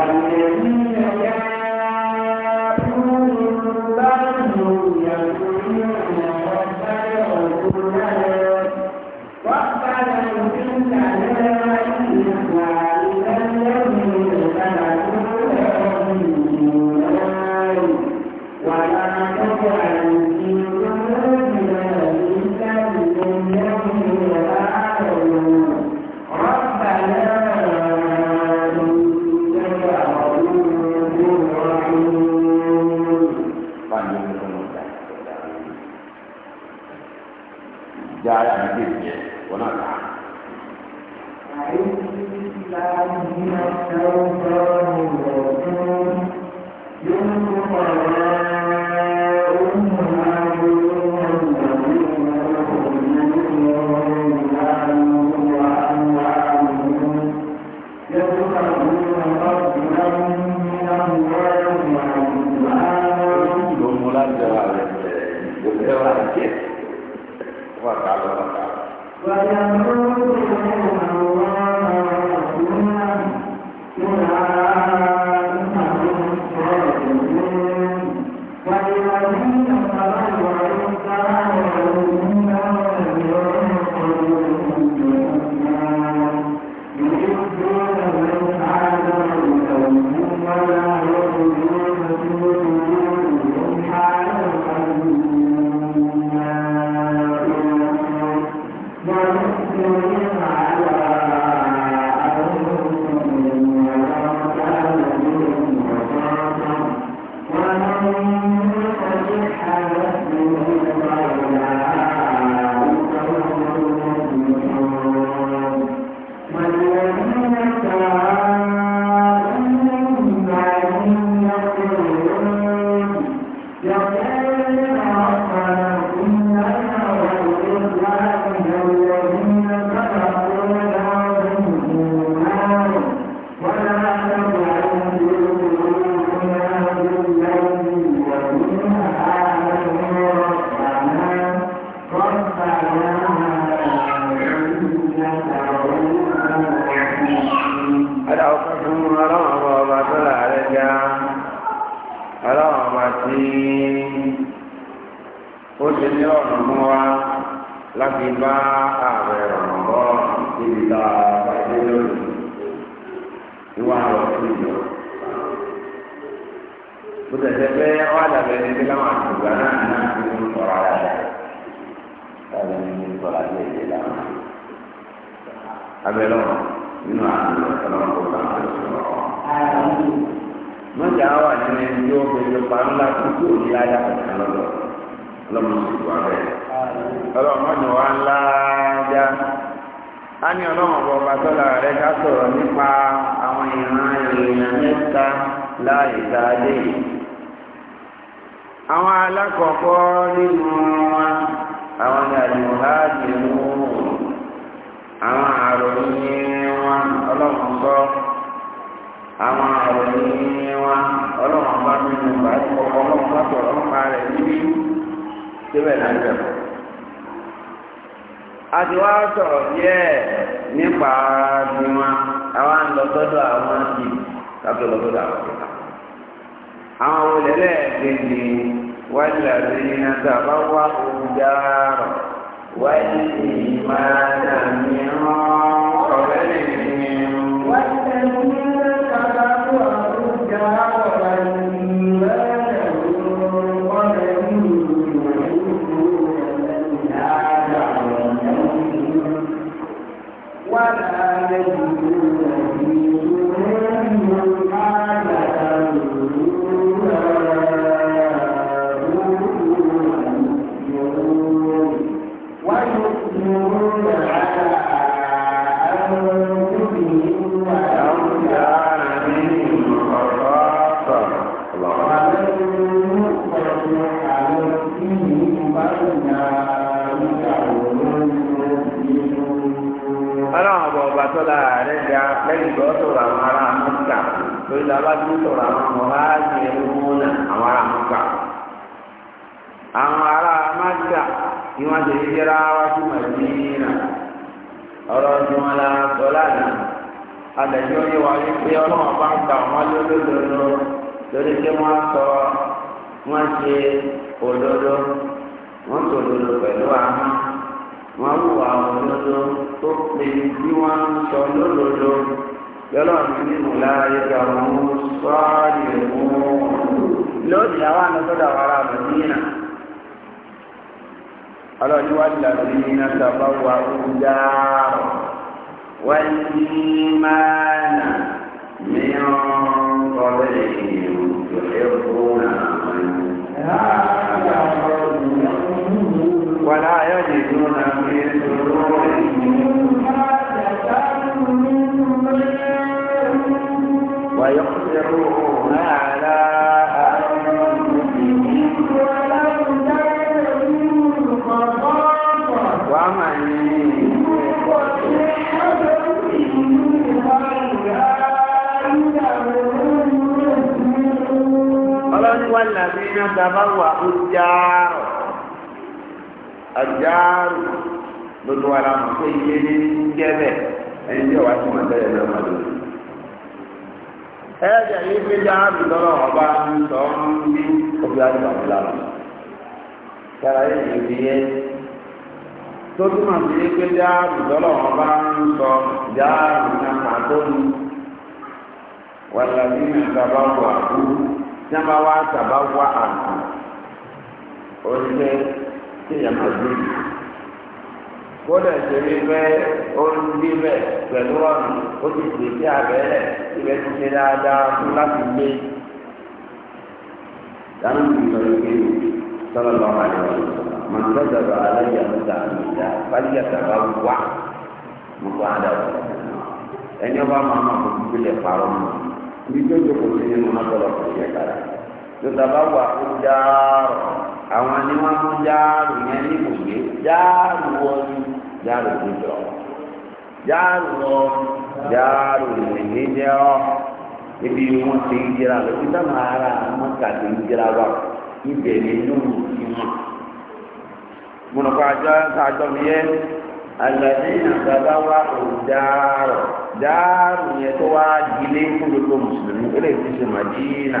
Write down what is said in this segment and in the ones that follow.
والذين جاءوا من بعدهم يكفرون síbẹ̀ náà jẹ́ kọ́. a ti wá sọ̀rọ̀ díẹ̀ nípa ara bí wọn àwa ń lọ sọ́dọ̀ àwọn sí káfíń lọ sọ́dọ̀ àwọn sí. àwọn olùlẹ̀ kejì wáyé làbí iná tá wá òun dáárọ̀ wáyé ìmáàdà mìíràn ọ̀rẹ́ lè fi mú. wáyé lè fi lẹ́yìn ìlú bá ti ń sọ̀rọ̀ àwọn ọmọ wa ti ẹnu múnà àwọn ará mọ́kà àwọn ará mọ́kà ni wọ́n ti jẹ́ra wá sí màdínà ọ̀rọ̀ tí wọ́n la sọ lánàá àtẹ̀jọ́ yẹ wà wípé ọlọ́wọ́n bá ń gbà wọ́n lódodo lórí pé wọ́n sọ wọ́n ṣe òdodo wọ́n sọ òdodo pẹ̀lú àwọn wọ́n wù àwọn òdodo tó pe bí wọ́n sọ lódodo lọ́lọ́ nínú láyéka ọ̀hún sọ́ọ̀lì ọ̀hún lónìí àwọn àlọ́sọ́dà wàrà mẹ́dínà ọlọ́ni wá lábí iná sábà wà kúdà wọ́n ní máa يصبرون على أنفسهم ولو تدعون ومن ọlọ́run wà lábẹ́ iná sábà wà ó jáàrọ̀ àjáàrọ̀ lọ́dún wa la mọ̀ pé iye e ayé pé jáàbì ọba ń sọ ń bí òbí àdìbàbò lára yẹ tó túmọ̀ sí pé ọba ń sọ jáàbì náà máa tó mi sábà wà kú sábà wà ó ṣe kéèyàn gbé yìí. kódà ìṣèlú bẹ́ẹ̀ ó ń dí bẹ́ẹ̀ pẹ̀lú ọ̀nà ó ti pè sí abẹ́rẹ́ ibẹ̀ ti ṣe dáadáa fún láti gbé. Dáná ti sọ wípé sọ́lá lọ́wọ́ àyẹ̀wò màá ń tọ́jà lọ aláìyá lọ́jà àmìlá báyìí àtàbà wà mú kó àdá Ẹni ọba máa ma kò gbígbélé parọ́ mọ́. Ibi tó ń jókòó sí nínú náà tọ́lọ̀ kò ṣe kára lọ́sàbá wà fún jáàrù àwọn ni wọ́n mú jáàrù yẹn ní ibùgbé jáàrù wọ́ọ̀lù jáàrù níjọ jáàrù wọ́ jáàrù nìyí jẹ́ ọ́ ibi wọn ti ń jira lọ ibi táwọn ará wọn kà ti ń jira wa ibẹ̀ ni inú ti wọn. mo nà kó àjọ àjọ mi yẹ àgbàdì àgbàdà wa ò jáàrù jáàrù yẹn tó wá dilé fún gbogbo mùsùlùmí ó lè fi ṣe màdínà.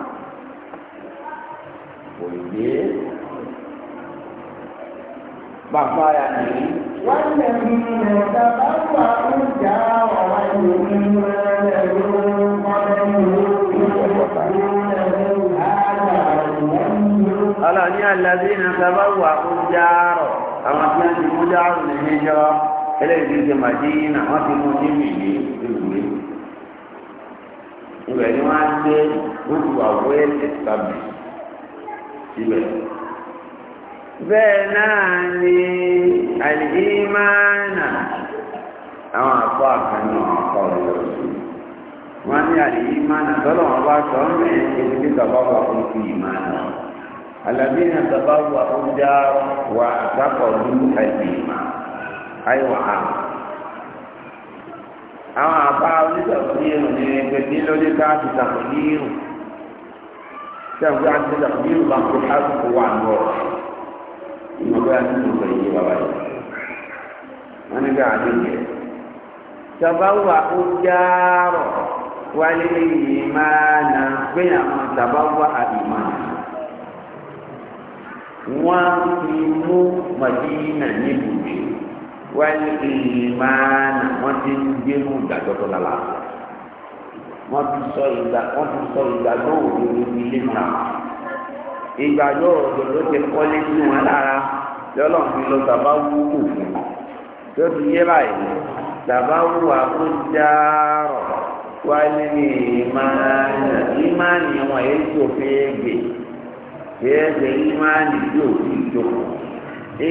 kò yé bàbá yà ni. wọ́n lè mú un bàbá wà ó jà ọ̀wá ìlú rẹ̀ ló ń kọ́lé Ọlọ́ni àlàbí ní sábàwà ó járọ̀, àwọn tí wọ́n ti mú járọ̀ ní níjọ́, eléyìí ti Màdínà, wọ́n ti mú ní ìlú ìlú. Ìbẹ̀ ni wọ́n á gbé gbogbo àwọn ẹ̀sẹ̀ sábẹ̀ síbẹ̀. bẹ́ẹ̀ náà ni àlìyímáànà àwọn àpọ̀ àkànnà ọ̀pọ̀ ìlọsí wọ́n ní àlìyímáànà tọ́lọ̀ wọn bá sọ ọ́n mẹ́rin kejì ní tàbáwà fún fi ìmáànà الذين تبوا الدار واعتقدوا الايمان àwọn àbá onítọ̀sí ìrùn ní ẹgbẹ̀dínlódé káàkiri tàbí ìrùn sẹ́wọ́n bí wọ́n ti dàgbé ìlú bá ń kó àgùkù wà ní ọ̀rọ̀ ìmọ̀ bí wọ́n ti mú ọ̀rọ̀ yìí wá báyìí wọ́n ní bí wọ́n ti yẹ. sọba wà ó jáàrọ̀ wálé yìí máa nà gbéyàwó sọba wà àbìmọ̀ wọ́n ti mú màdínà níbùdó wálé yìí máa nà wọ́n ti ń gbé mú ìdájọ́ tó lálàáfíà wọ́n ti sọ ìgbà wọ́n ti sọ ìgbà tó wò ní ibi ilé mọ́ ìgbà yóò rọ̀jò ló ti kọ́lé sí wọn lára lọ́lọ́ fi lọ bàbá wú kù fún wọn tó ti yé báyìí bàbá wú àkójá rọ̀ wálé ní ìmáàlì ìmáàlì wọn èyí tó fẹ́ gbé yẹ́n ṣe ìmáàlì yóò fi jókòó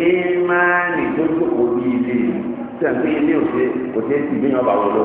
ìmáàlì tó jókòó bí ilé tẹ̀lé ilé òṣè kò tẹ́ ti gbé yàn bá wọlé.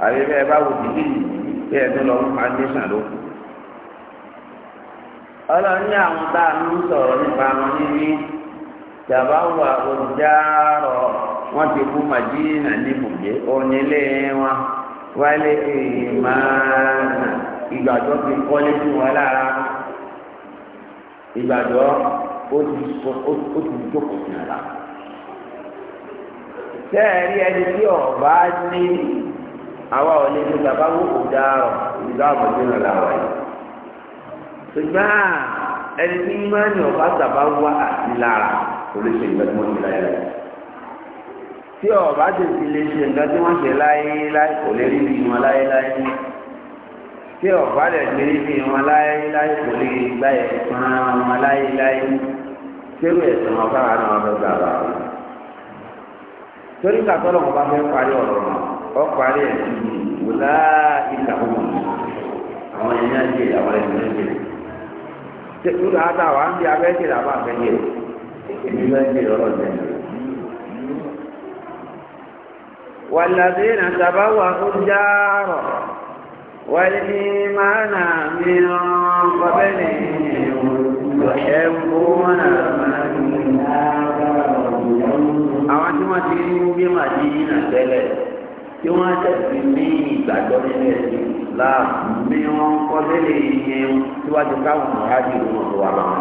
àbí bẹ́ẹ̀ bá wò dìbì bẹ́ẹ̀ tó lọ fún foundation ló kù. ọlọ́run ní àwọn tá a ń sọ̀rọ̀ nípa wọn wà olùdárọ̀ wọ́n ti kú màdínà ní bùgbé onílé wọn wálé ìmáàna ìgbàgbọ́ ti kọ́lé sí wọn lára ìgbàgbọ́ ó àwa ò lè ní bàbá wò kò dá ọ ìdá ọmọdé náà làwà yìí ṣùgbọ́n ẹni tí ń máa ní ọ̀bá tàbá wá àti lára kò lè ṣe ìgbà tí wọ́n ti láyé láyé tí ọ̀bá tètè lè ṣe nǹkan tí wọ́n ṣe láyé láyé kò lè rí bí wọn láyé láyé tí ọ̀bá lè ṣe rí bí wọn láyé láyé kò lè gbá ẹ̀sán wọn láyé láyé kérò ẹ̀sán ọ̀bá àwọn ọ̀dọ́ gbà torí kàtọ́lọ̀ wọn bá fẹ́ parí ọ̀rọ̀ náà ọparí ẹsẹ wòlá ìkàwọ àwọn ẹni ẹjẹ àwọn ẹni ẹjẹ ṣe kúrò ata wà ń bí abẹ́jẹ làwọn abẹ́jẹ èmi bẹ́ẹ̀ jẹ lọ́rọ̀ jẹ. والذين تبوأوا الدار والإيمان من قبلهم يحبون من آمنوا àwọn tí wọ́n ti ń gbé màdí yìí nà tẹ́lẹ̀ tí wọ́n á tẹ̀sí ní ìgbàgbọ́ nínú ẹ̀sìn Islam bí wọ́n ń kọ́ lélẹ̀ yẹn síwájú káwọn ọ̀hájì wọn wà lọ́wọ́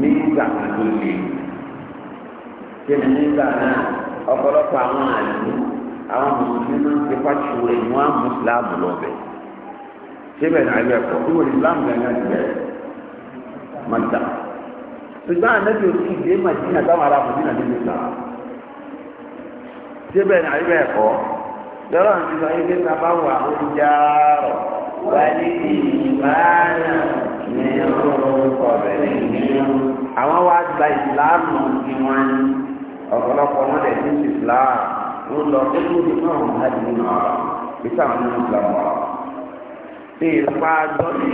nígbà tó lè ṣe ní nígbà náà ọ̀pọ̀lọpọ̀ àwọn àwọn mùsùlùmí pàṣẹ lọ́bẹ̀ síbẹ̀ náà kí wọ́n Islam ṣùgbọ́n àná o ti dé táwọn ará ṣé bẹ́ẹ̀ ni àbí bẹ́ẹ̀ kọ́ lọ́rọ̀ ní sọ yìí kéka bá wà ó ń já rọ̀ wáyé bí ìbára ní orúkọ bẹ̀rẹ̀ ní. àwọn wá gba ìsìláàmù ní wọn ọ̀pọ̀lọpọ̀ wọn lè ní ìsìláàmù ń lọ kókó ní náà láti nínú ọ̀rọ̀ bí sáwọn nínú ìsìláàmù ọ̀rọ̀. ṣé ìfipá gbọ́ sí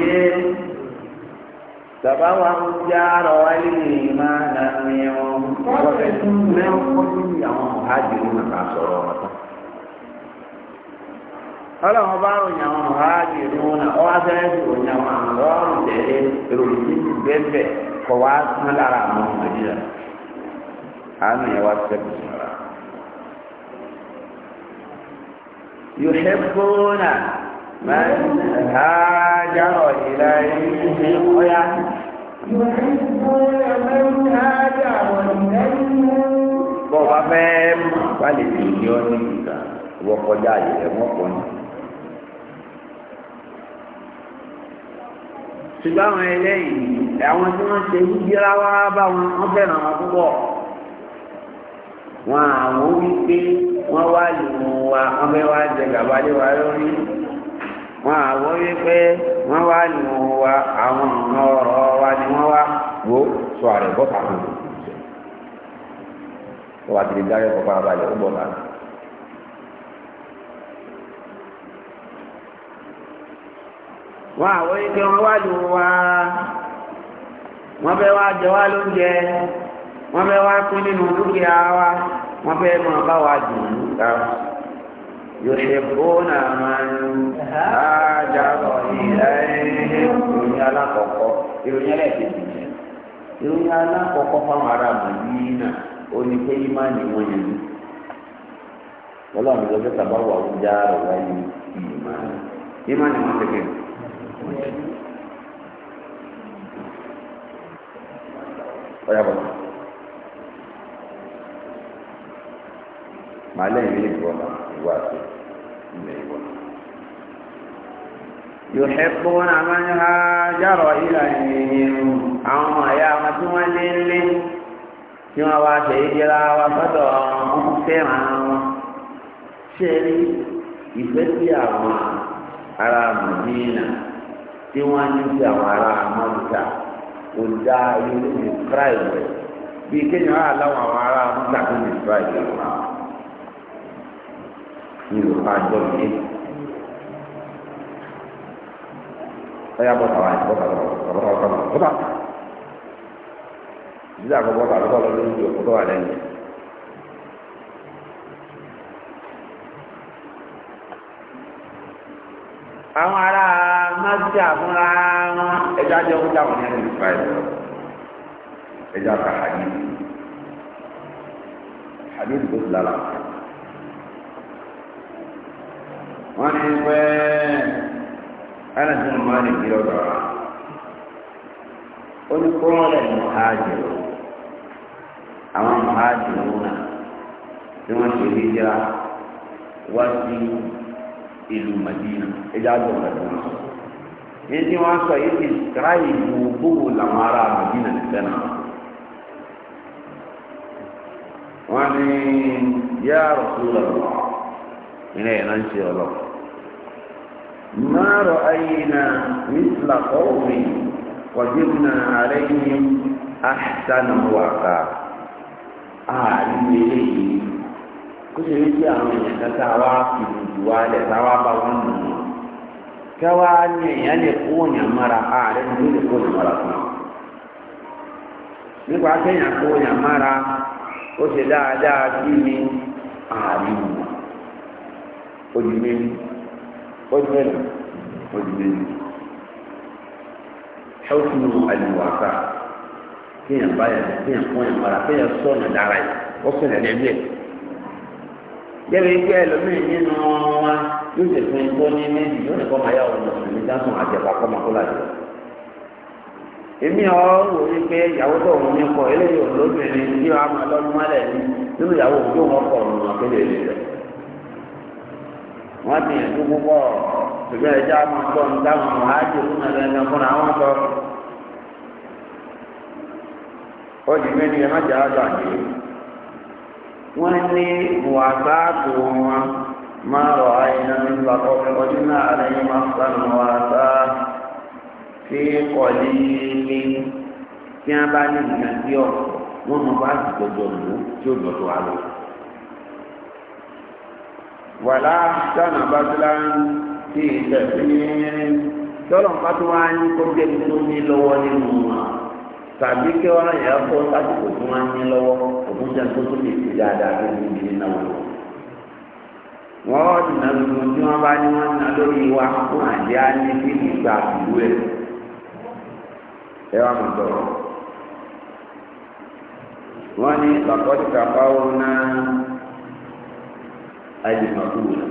Tàbáwá ń já ọ̀rọ̀ wá lè máa nà ní ọ̀hún. Wọ́n fẹ́ mẹ́rin kọ́jú ní àwọn mọ̀hájìrì nàkà sọ̀rọ̀ wọn tán. Ọlọ́run bá ròyìn àwọn mọ̀hájìrì wọn náà, ọwá fẹ́rẹ́ sì ròyìn àwọn àmọ̀rọ̀rùn tẹ̀lé ìròyìn tí ti kọ̀ wá tún lára àwọn ọmọdé rẹ̀. Àánú yẹn wá sẹ́kù sí ara. Yòṣẹ́ bóónà من هاجر إليه من هاجر bá lè lè ní ọ ní ìgbà wọ́n kọjá àyẹ̀lẹ̀ wọ́n pọ̀ ní. ṣùgbọ́n àwọn ẹlẹ́yìn àwọn tí wọ́n ṣe yíyára wá bá wọn wọ́n fẹ́ràn wọn púpọ̀ wọn àwọn wípé wọ́n wá lù wá wọ́n fẹ́ wá jẹ lórí. wọn àwọ wípé wọn wá nù wa àwọn ọ̀nà ọ̀rọ̀ wa ni wọn wá wo sọ àrẹ bọ́ta kan tó wà tìlẹ̀ dáre kọ́ fara ó bọ̀ láti. wọn àwọ wípé wọn wá nù wa wọn fẹ́ wá jẹ wá lóúnjẹ wọn fẹ́ wá pín nínú dúkìá wa wọn fẹ́ máa bá wa يحبون من هاجر إليهم يا لا كوكو يا لا تيجي يا لا كوكو فما رأى مدينة oni pé ìmánì wọn yẹn ni ọlọ́run nwanyị tàbá wà ó já ọ̀rọ̀ ayé ìmánì ìmánì ìwà àti ilẹ̀ ìwà. يحبون من هاجر إليهم àwọn àyà wọn tí wọ́n lé lé tí wọ́n wá ṣe ìjìlá wa sọ́dọ̀ wọn fẹ́ràn wọn ṣe rí ìfẹ́ sí àwọn ará mọ̀dínà tí wọ́n ní sí àwọn ará mọ́tà kò dá ilé ní kíráì rẹ̀ kéèyàn á àwọn ará mọ́tà tó ní kíráì rẹ̀ wọn ní ìlú máa jọ yé ọyà bọ́tà wáyé bọ́tà bọ́tà bọ́tà ìdílé àkọ́kọ́ bọ́tà bọ́tà lọ́dún ní ìlú ọ̀kọ́tọ̀ wà lẹ́yìn. àwọn ará máṣí àfúnra wọn ẹja jẹ ọkọ táwọn yẹn lè fa ẹjọ ẹja ka hadith hadith tó ti lára. wọ́n ní pé ẹnìtí mo máa lè gbé lọ́dọ̀ wa ó ní kó wọ́n lè mú háàjì lọ àwọn mú háàjì lọ́wọ́ náà tí wọ́n ṣe lè jẹ́ wá sí ìlú Madina ẹjọ́ àjọ ọ̀rẹ́ wọn sọ ní tí wọ́n sọ yìí ti tíráyì gbogbo làwọn ará Madina ti náà. wọ́n ní yá Rasulullah ilé ìránṣẹ́ ọlọ. márùn ayéna mísìlá kọ́wé wàjúbùnà ààrẹ yìí àṣìṣàna wàkà ààrin ilé yìí kó ṣe wípé àwọn èèyàn kan tá a wá fi dùdù wá lẹ̀ tá a wá bá wọn nù wọn. káwá ní èèyàn lè kó òyìn mara ààrẹ ní lè kó òyìn mara fún wa. nípa kéèyàn kó òyìn mara ó ṣe dáadáa sí mi ààrin wọn ojú méjì ojú méjì ojú méjì ṣọ́ọ̀tún àlùwàkà kéèyàn báyà kéèyàn fún yàn para kéèyàn sọ̀nà dára yìí ó sọ̀nà lẹ́gbẹ̀ẹ́ yẹ́nì pé ẹlòmíì nínú wa yóò ṣe fún ikú ní méjì yóò nìkan máa yá ọ̀rọ̀ mùsùlùmí dáhùn àjẹpà kọ́ máa kó lájọ. èmi ọ̀ wò ní pé ìyàwó tó òun ní kọ eléyìí òun lóbìnrin tí wàá máa lọ́dún mọ́lẹ̀ ní nínú ìyàwó òun yóò wọ́n kọ̀ ọ̀run àkéde ìlú rẹ̀. wọ́n ti yẹn tó púpọ̀ ṣùgbọ́n ẹ̀jẹ̀ àwọn tó ń dáhùn mọ̀hájì fún ẹ̀rẹ́gbẹ̀ fúnra wọn sọ. ó di méjì ẹ̀ má jẹ́ àjọ àjẹ́ ní wọn máa ọdún náà máa sanu tí bá ní ìgbà ti lò wàlá dáná bàtìlá ti ìtẹ̀síyìn tọ́lọ̀ wá ní kó jẹ́ ní tó ní lọ́wọ́ nínú wa tàbí kí wọ́n kó tó wá ní lọ́wọ́ òkun jẹ́ tó tó lè fi dáadáa tó ní ìdílé náà wọ̀. wọ́n tí wọ́n bá ní wọ́n lórí wa fún bí ìgbà ìlú ẹ̀ ẹ wá mọ̀ wọ́n ní bàbá alimakula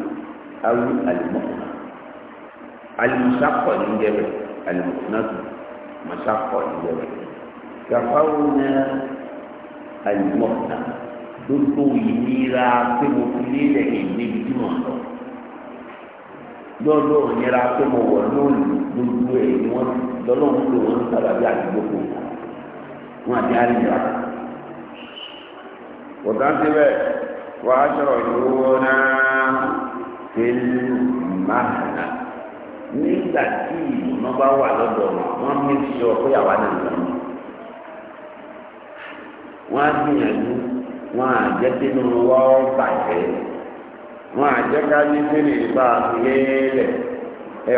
awu alimọkuna alimusakọ ni ń jẹbẹ alimọkuna tu masakọ ni ń jẹbẹ gafawo na alimọkuna gbogbo ìnira pé mo fi lélẹ̀ ìdíbi tí mo ń lọ lọ́dọ̀ ìnira pé mo wọ̀ lóòlù gbogbo ẹ̀ ni wọ́n lọ́lọ́ ń lò wọ́n sábà bí Wa في المهنة nígbà tí ìmọ̀ bá wà lọ́dọ̀ wọn ní sọ pé náà lọ ní. á gbìyànjú wọ́n á jẹ́ kínú wọ́n bàjẹ́ wọ́n á jẹ́ ká ní sínú lélẹ̀ ilé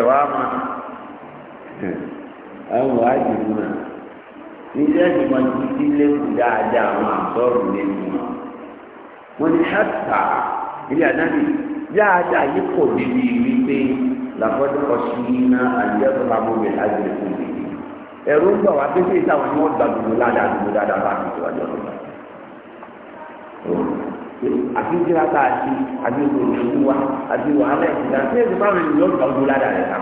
náà. wọ́n ní ṣáàtà ilé ànábì yáadáa yìí kò níbi wípé làbọ́dún ọ̀sìn iná àyẹ̀wò lábọ́ mi láti lè fún mi. ẹ̀rú ń gbà wá pé kéèké àwọn ni wọ́n gba gbogbo ládàá gbogbo dáadáa bá mi tọ́jú ọ̀dọ́ mi. àfihàn tá a ti àbí òṣèlú wa àbí wàhálà ìdílé àti èdè máa ń rìn lọ́gbà gbogbo ládàá rẹ̀ ká.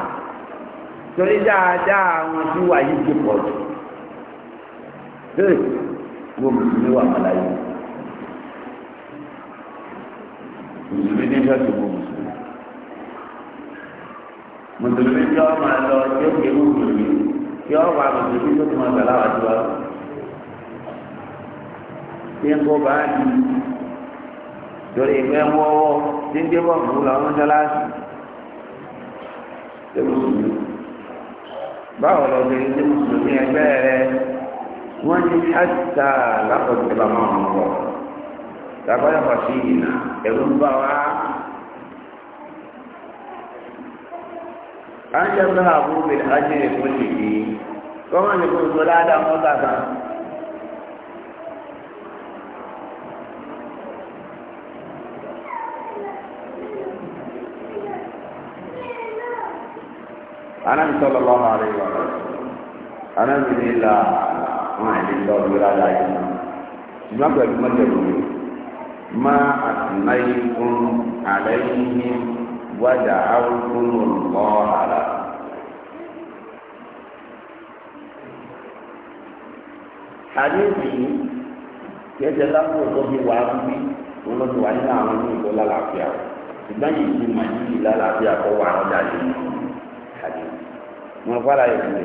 torí dáadáa àwọn tí wà yìí ti pọ̀ jù. bẹ́ẹ̀ wọ́n mi wà mọ́láyé. mùsùlùmí ní ṣọ́ọ̀ṣì bò mùsùlùmí mùsùlùmí tí wọ́n máa lọ tí ó kéwù mùsùlùmí tí wọ́n wà mùsùlùmí tó ti máa gbà láwàjú wa tí ń kó báàgì torí ìgbẹ́ wọ́wọ́ tí ń débọ̀ fún làwọn mọ́ṣáláṣí tó mùsùlùmí báwo lọ sí ní mùsùlùmí ẹgbẹ́ rẹ wọ́n ní ṣáṣà lápò ìjọba máa ń wọ̀ tàbáyà pàṣẹ ìyìnà ẹ̀rù ń bá wa. a ń jẹ́ mẹ́rin àbúrò mi ajé ẹ̀kọ́ lè dé kọ́mọ̀ ní kò tó ládàá mọ́tà kan. Ànábì sallallahu alaihi wa sallam Ànábì ní la wọn àìlè sọ ìgbéra láyé náà ṣùgbọ́n pẹ̀lú mọ́tò ìlú mi. ما أثنيتم عليهم ودعوتم الله له àdéhùn kẹsẹ̀ lápò tó fi wà á bí wọn lọ sí wà nínú àwọn ní ìlú lálàáfíà ṣùgbọ́n yìí ti mà ní ìlú lálàáfíà kọ́ wà á dàdé àdéhùn wọn fara yìí lè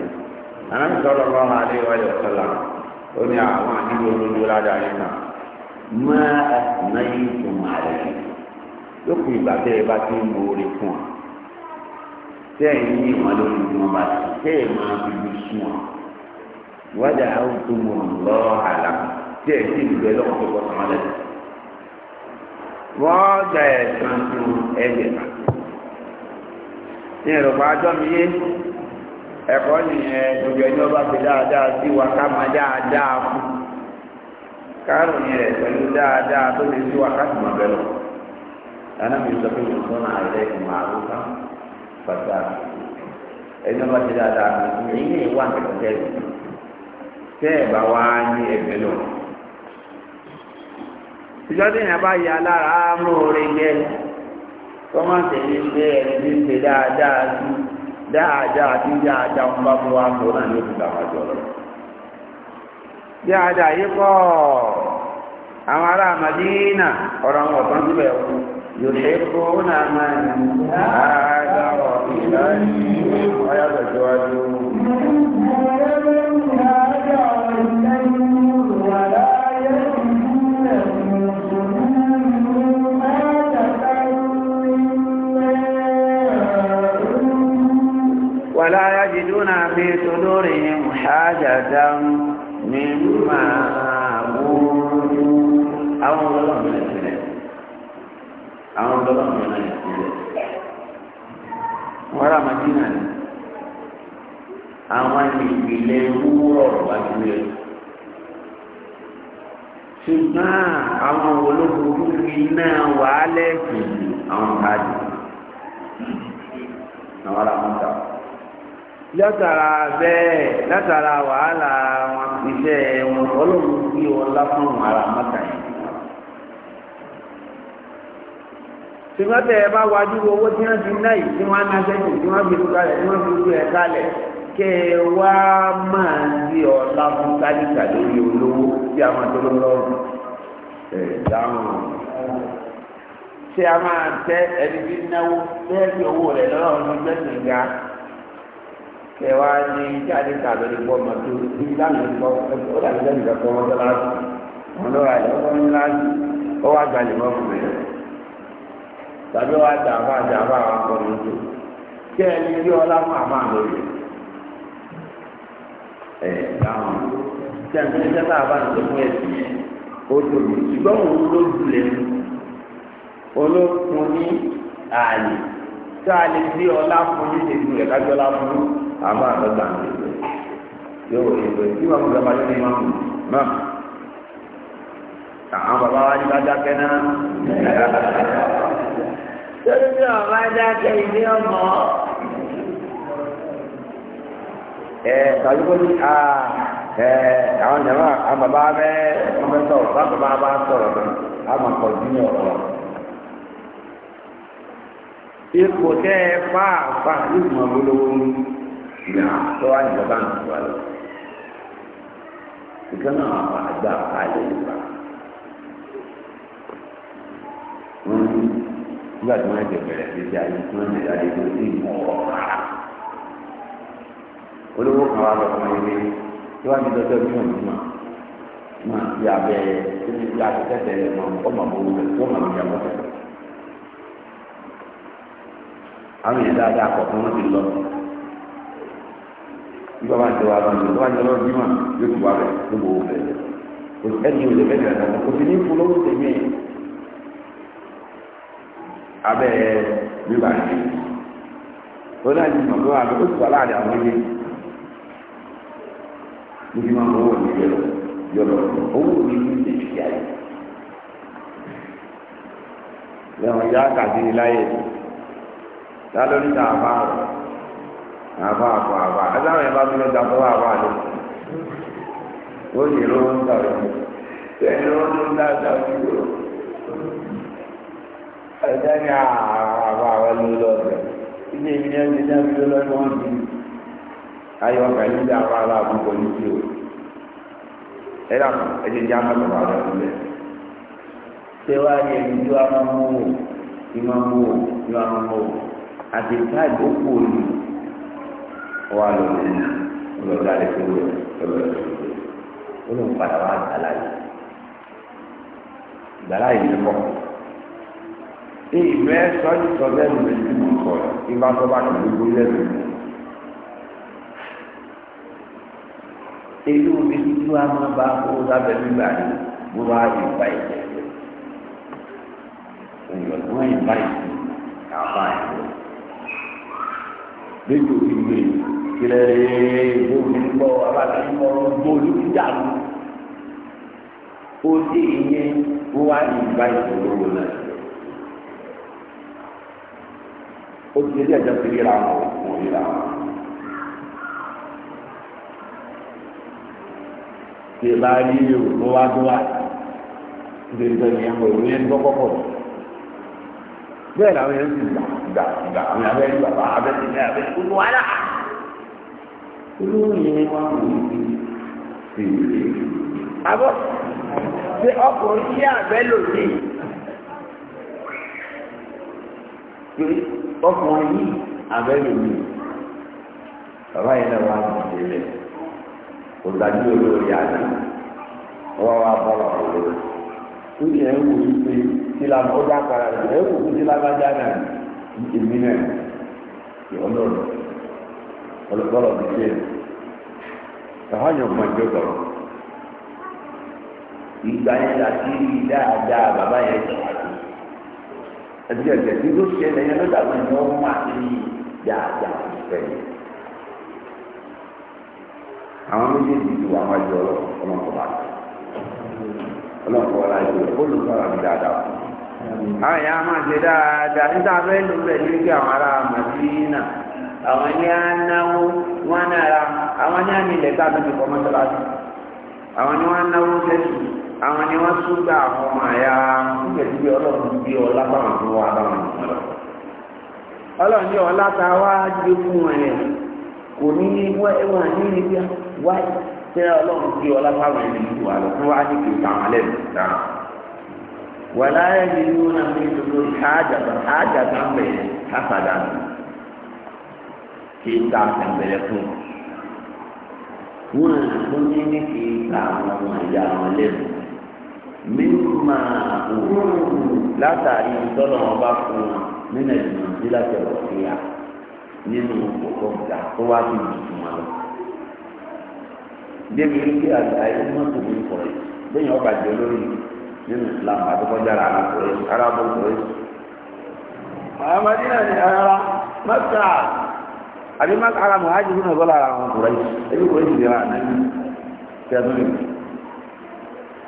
àwọn ìtọ́lọ́lọ́run alẹ́ wáyé ọ̀sán làwọn ó ní àwọn àdéhùn olóńgbò ládàá yìí náà. ma àtìmáyé fún ààrẹ lókùn ìgbà ẹ bá ọ ẹ ní lórí ẹ máa fi bí ọ wájà àlà ẹ sì gbẹ tó wọ́n ẹ̀sán fún ní mi yé ẹ̀kọ́ nìyẹn gbogbo ọba fi dáadáa sí wa ká máa dáadáa fún kárùn yẹn rẹ̀ pẹ̀lú dáadáa tó lè sí wákàtí mọ̀ lọ. Àná mi sọ pé yóò sọ́nà àìlẹ́ ìmọ̀ àrùkà pàtà ẹni ọba ti dáadáa mi èyí ni ìwà kẹ̀kẹ́ rẹ̀ tẹ́ ẹ̀ bá wá ní ẹ̀gbẹ́ lọ. Ìjọba ìyẹn bá yà lára á mú orin jẹ́ tẹ̀lé pé ẹni tí ń ṣe dáadáa sí dáadáa dáadáa yìí pọ̀ àwọn ará Madina ọ̀rọ̀ wọn ọ̀tán síbẹ̀ yòṣèkó náà máa ń dáadáa ìlànà ọ̀yàtọ̀ síwájú. ولا يجدون في صدورهم حاجة مما máa wó àwọn ọlọ́run náà sílẹ̀ àwọn ọlọ́run náà sílẹ̀ wọ́n rà màdínà ni àwọn ìpìlẹ̀ wúwúrọ̀ wá sílẹ̀ ṣùgbọ́n àwọn olóògbé iná wàhálẹ̀ kìí àwọn káàdì látara bẹ́ẹ̀ látara wàhálà wọn iṣẹ́ wọn ọlọ́run bí wọn lápọn wọn ara mọ́ta yìí. tìmọ́tẹ̀ ẹ bá wájú owó tí wọ́n ti náà yìí tí wọ́n á ná sẹ́yìn tí wọ́n fi lu kalẹ̀ tí wọ́n fi lu ẹ̀ kalẹ̀ wá máa di ọ̀la fún kálíkà lórí olówó a máa tó ẹ̀ dáhùn. ṣé tẹ ẹni náwó bẹ́ẹ̀ fi owó rẹ̀ ní kẹwa ní jáde kàlọ́ ní bọ́ ọmọ tó ní láàyè ń bọ́ wọn ní fún mi tàbí dà dà wà tó kí ẹ ní bí ọlá fún àmà lórí dáhùn àbá tó fún ṣùgbọ́n òun ló olókun ní lè ọlá fún fún àbá àtọ́gbà ń tẹ̀lé yóò wọ ìgbẹ́ tí wọ́n fún bàbá yóò ní máa mú náà àwọn bàbá wa ní bá dákẹ́ náà. torí bí ọba dákẹ́ ìdí ọmọ. ẹ tàbí kó ní a ẹ àwọn jàmbá àwọn bàbá bẹ́ẹ̀ wọ́n bẹ sọ̀rọ̀ bá bàbá bá sọ̀rọ̀ náà a máa kọ̀ sí ipò tẹ́ ẹ fà fà yóò máa gbólóhùn. tó tọwa ní bàbá wà lọ. ìkan náà àwọn àgbà àlè nípa. wọ́n ní nígbà tí wọ́n ẹ̀jẹ̀ bẹ̀rẹ̀ sí ti ayé tí wọ́n ti dáadé tó sí ìmọ̀ ọ̀rọ̀ rárá. olówó kan wá ilé tí wọ́n ti dọ́jọ́ bí wọ́n ti mọ̀ ti abẹ́ ti ìgbà máa tẹ̀wá bá mi wá ní ọlọ́run bímọ yóò ti wá rẹ̀ ní gbogbo rẹ̀ ẹni ò lè fẹ́ kẹ̀kẹ́ kan kò sí ní polówó tèmi abẹ́ bíbá rẹ̀ ó náà ní ìmọ̀ tó wà ló ti wà láàrin àwọn ilé ní bí máa ń owó ìgbẹ́ lọ yọlọ owó mi ní ìdè ìyá yìí lẹ́wọ̀n yá kàdé láyé tá tá a bá rọ̀ àbá àbá àbá adáwọn yẹn bá tún lọ da fún àbá lọ ó yẹ lọ́wọ́ ń dàrú bẹ́ẹ̀ lọ́wọ́ ló ń dàrú dúró ẹ̀dá ni àbá àwọn ló lọ bẹ̀ ilé mi náà ti dábí ló lọ́nà wọn bí ayọ̀ ọ̀gá yìí dá àbá aláàbò kọ ní bí o ẹ dà kù ẹ ti di amọ̀tò wà lọ́wọ́ bẹ̀ ṣé wàá yẹ ibi tó a máa mú o ìmọ̀ mú o ìmọ̀ mú o àti káàdì ó kú wà lóde ní ọlọ́dà lè fi wúlò lọ́wọ́ ó lóun padà wá àlàyé ìgbàlá yìí kọ́ ìgbẹ́ sọ́jú sọ lẹ́nu lẹ́nu tí mo sọ ìgbà tó bá tó gbogbo lẹ́nu mi. èyí ò ní dúdú máa bá owó lábẹ́ nígbà yìí bó bá ìgbà ìjẹ́ ìyọ̀dún wọn ìgbà ìjẹ́ àbá ìjẹ́ lẹ́yìn òfin gbé ìpìlẹ̀ èèbó mi gbọ́ abáṣe ń bọ̀ gbó olùdíjà mi. ó dé ìyẹn ó wá ní ìgbà ìṣòro náà. ó ti ṣe ẹjọ́ sí ríra wọn wọn ríra wọn. tí ẹ bá rí òkú wá tó wá nítorí tó ní ẹ̀kọ́ ìwé ẹni kọ́kọ́ pọ̀ jù bẹ́ẹ̀ làwọn yẹn ń gbà gbà gbà àwọn abẹ́rẹ́ bàbá abẹ́rẹ́ abẹ́rẹ́ kúndùn wàhálà olówó yẹn wà wọ́n sí ilé. àbọ̀ ṣe ọkùnrin sí àbẹ́ lòdì pé ọkùnrin yìí àbẹ́ lòdì bàbá yẹn náà wà lòdì rẹ̀ kò dájú olórí àná wọ́n wá bọ́lá olórí. ó yẹ ń wù ú pé sílámù ó dákàrà rẹ̀ ẹ̀ wù ú sílámù ajá náà ìdí mi náà ìyọ́nà rẹ̀ ọlọ́pọ̀lọ́ ti ṣe ẹ̀họ́nyọ̀ mọ̀ ìjọ sọ̀rọ̀ ìgbà yẹn láti rí dáadáa bàbá yẹn sọ̀rọ̀ àti ẹ̀dí ẹ̀jẹ̀ tí ló ṣe lẹ́yìn ló dàgbà ní wọ́n mú àti rí dáadáa ìfẹ́ yẹn. àwọn méjèèjì ti wà wájú ọlọ́pọ̀lọ́ ọlọ́pọ̀lọ́ láti rẹ̀ olùkọ́ra mi dáadáa fún máa ṣe dáadáa nígbà bẹ́ẹ̀ ló bẹ̀ nígbà àwọn ará màdínà àwọn ní anáwó wọn náírà àwọn ní àmìlẹ̀ tá a fi kọ́ àwọn ní wọn náwó sẹ́sì àwọn ní wọn súgbà àwọn àyà nígbàdúgbà ọlọ́run bí ọlá báwọn tó wà báwọn ọlọ́run ní ọlá tá a wá dé fún wọn yẹn kò ní wọ́n ní ọlọ́run bí ọlá báwọn wà wa ní kì í ta pẹ̀lẹ́ fún wọn tó ní ní kì í ta àwọn ọmọ ìyá wọn lẹ́nu mímú máa wò látàrí tọ́lọ̀ wọn fún wọn nínú ìdùnnú sí láti ọ̀rọ̀ sí ya nínú òkò ọ̀gá tó wá sí ìdùnnú wọn lọ. débi wípé àgbà yìí wọ́n tó ní kọ̀ ẹ́ lẹ́yìn ọba jẹ́ olórí nínú Islam àtọ́kọ́jà ara kọ̀ ẹ́ arábọ̀ kọ̀ ẹ́. àwọn ọmọdé náà ní ara mọ́tà àbí má ara mọ̀ ájì nínú ọ̀gọ́ lára àwọn kùrẹ́ ẹbí kùrẹ́ ìdílé wa náà tí a tún lè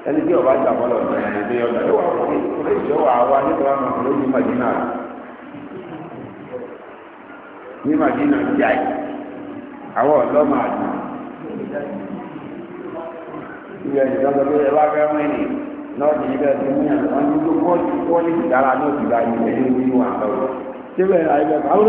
ẹni tí ọba gbà bọ́lọ̀ ọ̀dọ̀ ẹni tí ọ̀dọ̀ ẹ̀ wà wọ́n kùrẹ́ ìjọ wà wá nípa àwọn kùrẹ́ ní Madina ní Madina jáì àwọn ọ̀lọ́mọ àdùn ìyá ìjọba ló ẹ bá fẹ́ mọ́ ẹni lọ́ọ̀dì yìí bẹ́ẹ̀ tó ní àwọn ní tó kọ́ ní dára náà ti ní wà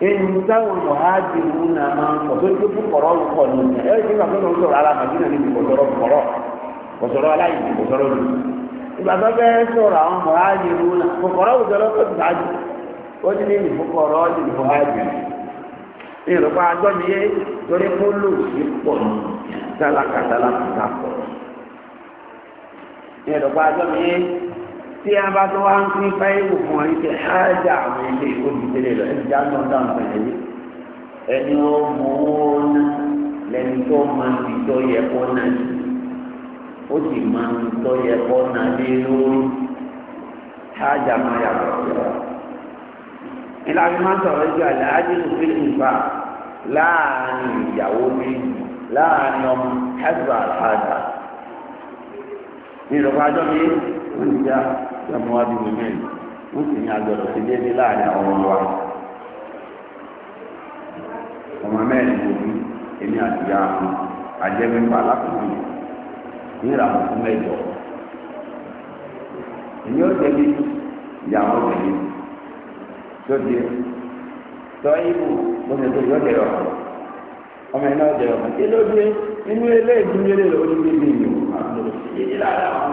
èyí táwọn mọ̀háàjì mú na máa ń kọ̀ tó fún kọ̀rọ̀ ọ̀pọ̀ ní ìyá ẹ̀rọ ìgbà tó ń sọ̀rọ̀ ara màdínà kọ̀rọ̀ aláìsí sọ̀rọ̀ àwọn na kọ̀kọ̀rọ̀ òjòló tó ti sáájú ó ní ní ní torí kó lò sí pọ̀ tí a bá tó wá ń pín fáìlì fún ọyí pé ájá àwọn ilé olùdílé lọ ẹni já lọ dáhùn pẹ̀lú ẹni ẹni wọn mọ owó ná lẹni tó máa ń tọ́ yẹ náà ní ó sì máa ń tọ́ yẹ náà ní lórí ájá máa yàtọ̀ síra. ìlànà máa sọ̀rọ̀ ju àlẹ́ ájílù fílì nípa láàárín ìyàwó méjì láàárín ọmọ ẹgbàá àdáa. ní ìlú pàjọ́ mi wọ́n ti já ẹ̀mú wá bí mi mẹ́rin wọ́n sì ní agbọ̀dọ̀ ṣe déédéé láàrin àwọn ọmọ wa ọmọ mẹ́rin kò ní èmi àti ìyá àwọn àjẹmẹ́fà lákòókò ní ìràwọ̀ fún mẹ́jọ èmi ò jẹ́ bí ìyàwó tẹ̀lé tó di tọ́ ibù mo ti tó yọ̀ọ́ jẹ́ ọmọ ẹ̀ náà jẹ́ kí ló dé inú ilé lọ́wọ́ ní bíbí mi ò ìdílé àdáwọn.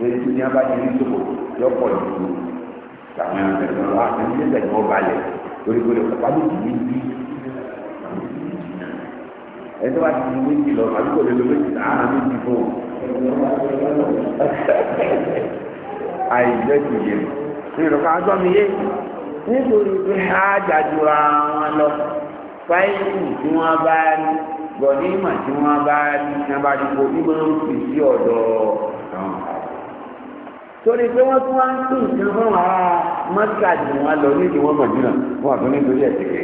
lẹ́yìn tí wọ́n bá ti rí sòkò yọ pọ̀ ju àwọn ẹgbẹ̀rún wa àti ní ẹgbẹ̀rún wọn balẹ̀ lórí pé pàbí kì í bí ẹni tó bá ti di méjì lọ pàbí kò lè lo méjì sáà méjì fún un. àìjẹ́ ti yẹ ní ìrọ̀kọ́ àjọ mi yé nítorí pé á jàdù àwọn lọ fáìlì tí wọ́n bá rí gbọ̀dí tí wọ́n bá rí ní abájúkọ bí wọ́n ń pèsè ọ̀dọ̀ àwọn torí pé wọ́n tún wá ń pín nǹkan fún ara mọ́tíkà wọn lọ nídìí wọn mọ̀jìnà wọn àtún nítorí ẹ̀ tẹ̀lé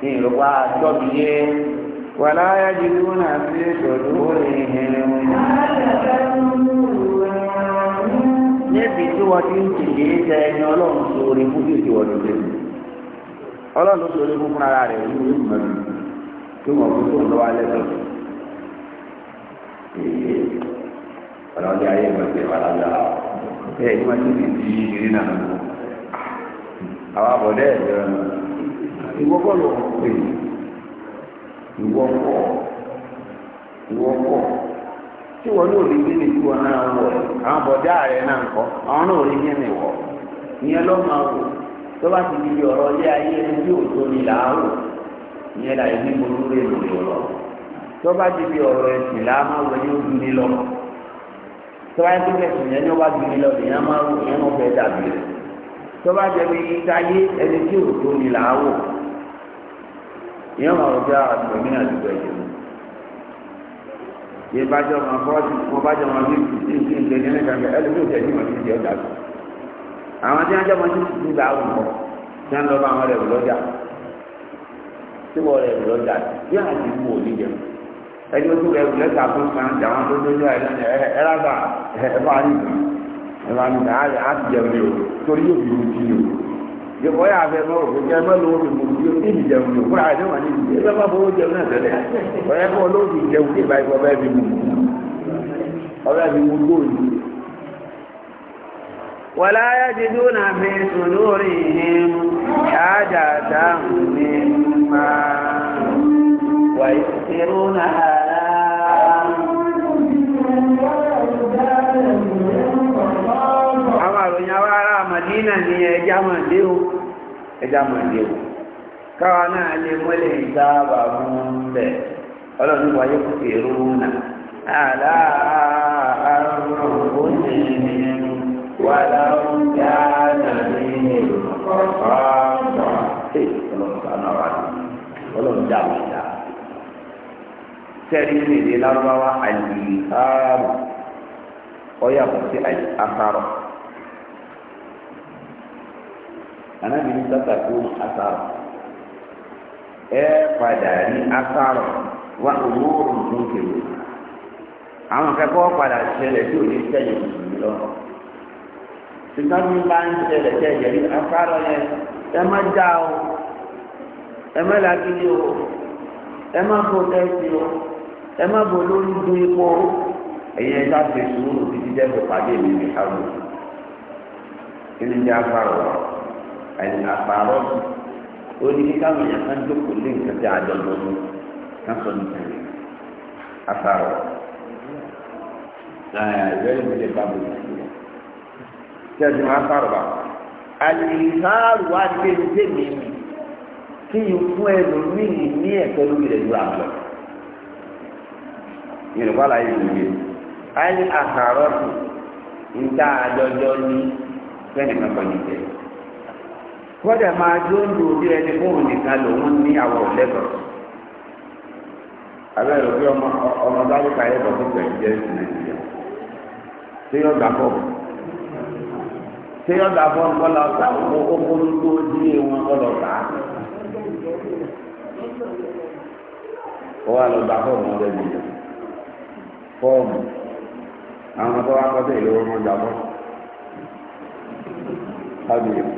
ní ìrọ̀pá tọ́bi yé wà láyá jù ní wọn àti ìṣòro nwere wọn. níbi tí wọ́n ti ń tìlé tẹ ẹni ọlọ́run sórí fún ìṣòro ọdún ọlọ́run fún rẹ̀ ní ọlọ́dẹ ayé ìwọ̀sẹ̀ ìwàlájà ẹ̀ ní wọ́n ti fi ti ìrírí náà lọ. àwọn àbọ̀dẹ́ ẹ̀jẹ̀ rẹ̀ ìwọ́kọ̀ lọ pè ìwọ́kọ̀ ìwọ́kọ̀ tí wọ́n lórí gíní tí wọ́n náà wọ̀ àwọn àbọ̀dẹ́ ààrẹ náà kọ́ àwọn náà rí gíní wọ̀ ìyẹn ló máa wò tó bá ti di ọ̀rọ̀ ilé ayé ẹni tí ò tó ní làárò ìyẹn là ìdí mo lórí èlò ìrọ̀ tó bá ti di ọ̀rọ̀ ẹ̀sìn làá máa wọ ẹni ó dún ní lọ́mọ tọ́ba yẹn tó fẹ́ sùn yẹn ní ọba gbìyànjú lọ èèyàn máa wò èèyàn máa fẹ́ dàbí rẹ̀ tọ́ba jẹ́ bí táyé ẹni tí òun tó ní làáwò èèyàn máa rọ̀ bí ah, àdúgbò ní àdúgbò ẹ̀jẹ̀ mu yé bájọ́ máa fọ́ọ̀tì mo bájọ́ máa bí tí n kí n kéde ní kankan ẹni tó tẹ̀ ní màtí ti ọjà tó àwọn tí wọ́n jẹ́ máa ti tún làáwò mọ́ tí wọ́n lọ bá àwọn rẹ̀ lọ́jà tí wọ́n rẹ̀ lọ́jà bí àdúgbò ò ẹni ojú rẹ̀ lẹ́ta tó san jàwọn tó dójú ẹ̀ lẹ́nu ẹ̀ rábà ẹ̀ bá rí ìgbà ẹ̀ bá rí ìgbà á ti jẹun ní o torí yóò fi mutí o yóò kọ́ yà fẹ́ mọ́ òkú jẹ́ mọ́ lówó fi mutí o tí ì jẹun ní o kúrò àdéhùn àti ìdílé ẹ bá bá fowó jẹun náà tẹ́lẹ̀ ọ̀yẹ́ kọ́ lówó fi jẹun tí ìbáyìí ọbẹ̀ fi mu ọbẹ̀ fi mu góòlù. wàlá yájidú na fi sùnúrì hìm yájà dáhùn ní máa wà náà ní ẹjá máa dé o ẹjá máa dé o káwa náà lè mọ́lẹ̀ ìtaàbà fún bẹ̀ ọlọ́run wáyé kò fi rú náà àlá àrùn òṣèlú wà láwọn jáde ní ọ̀pọ̀ ọlọ́run dá wọn dá sẹ́ẹ̀rí ní èdè lárúbáwá àlìkárò ọ̀yà kò sí àlìkárò. anábì ní sábà tó asáró ẹ padà rí asáró wá òwúrò tó kéwò àwọn akẹ́kọ̀ọ́ padà ṣẹlẹ̀ tí ò ní sẹ́yìn mùsùlùmí lọ ṣùgbọ́n mi bá ń ṣẹlẹ̀ tẹ̀ yẹ rí asáró yẹn ẹ má dá o ẹ má làgídí o ẹ má bọ́ tẹ́sí o ẹ má bọ́ lórí dun ipò ẹ̀yẹ ká fi sùúrù títí dẹ́gbẹ̀ẹ́ pàdé mi ní káwọn kí ni jẹ́ afárò wa ẹni àpàrọ̀ ó ní káwọn èèyàn kan jókòó lé nǹkan tí a dọ̀dọ̀ mú ká sọ nìkan àpàrọ̀ ìbẹ́rẹ̀ mi lè bá mi lè ṣe ẹ̀sìn máa àpàrọ̀ bá àlìkáàrù wá dé dé mi kí n fún ẹlòmíì ní ẹ̀kọ́ lórí rẹ̀ lóra lọ yorùbá la yìí lóye àyè àkàrọ̀ tó àjọjọ ní fẹ́ẹ̀nì kankan nìjẹ́. kọ́dà máa jó ń dùn bí ẹni fóun nìkan lòun ní àwọn ọ̀lẹ́bọ̀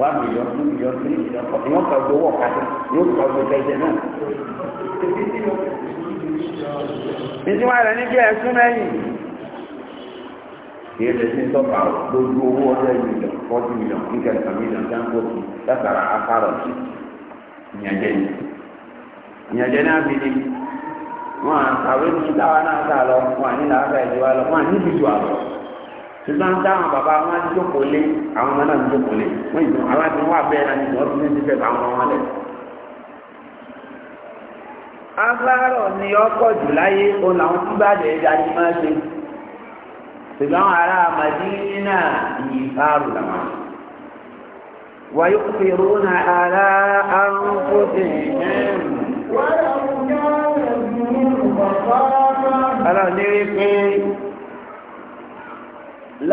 wà mílíọ̀n tún mílíọ̀n tún mílíọ̀n kọ́ ìwọ́n kan gbowó ọ̀kadì yóò kọ́ gbogbo ẹ̀jẹ̀ náà. ìtumọ̀ rẹ̀ ní bí ẹ̀sùn mẹ́yìn. kìí ṣe sí sọ́kà lójú owó ọjọ́ mílíọ̀n fọ́tí mílíọ̀n kíkẹ́ nǹkan mílíọ̀n jáńkó sí látara afárọ̀ sí ìyànjẹ́ ni. ìyànjẹ́ náà fi ni wọ́n àtàwé ní táwa náà sà lọ wọ́n à ṣùgbọ́n táwọn bàbá wọn jókòó lé àwọn ọmọ náà jókòó lé wọ́n ìdùn àwọn àti wọn abẹ́rẹ́ náà nìyẹn wọ́n ti ní ti fẹ́ bá wọn wọn lẹ̀. agbárọ̀ ni ọkọ̀ jù láyé òun làwọn tí bàjẹ́ ẹja ni máa ṣe ṣùgbọ́n ará Màdínà ìfarò làwọn. ويؤثرون على أنفسهم ولو كان ذو قربى ألا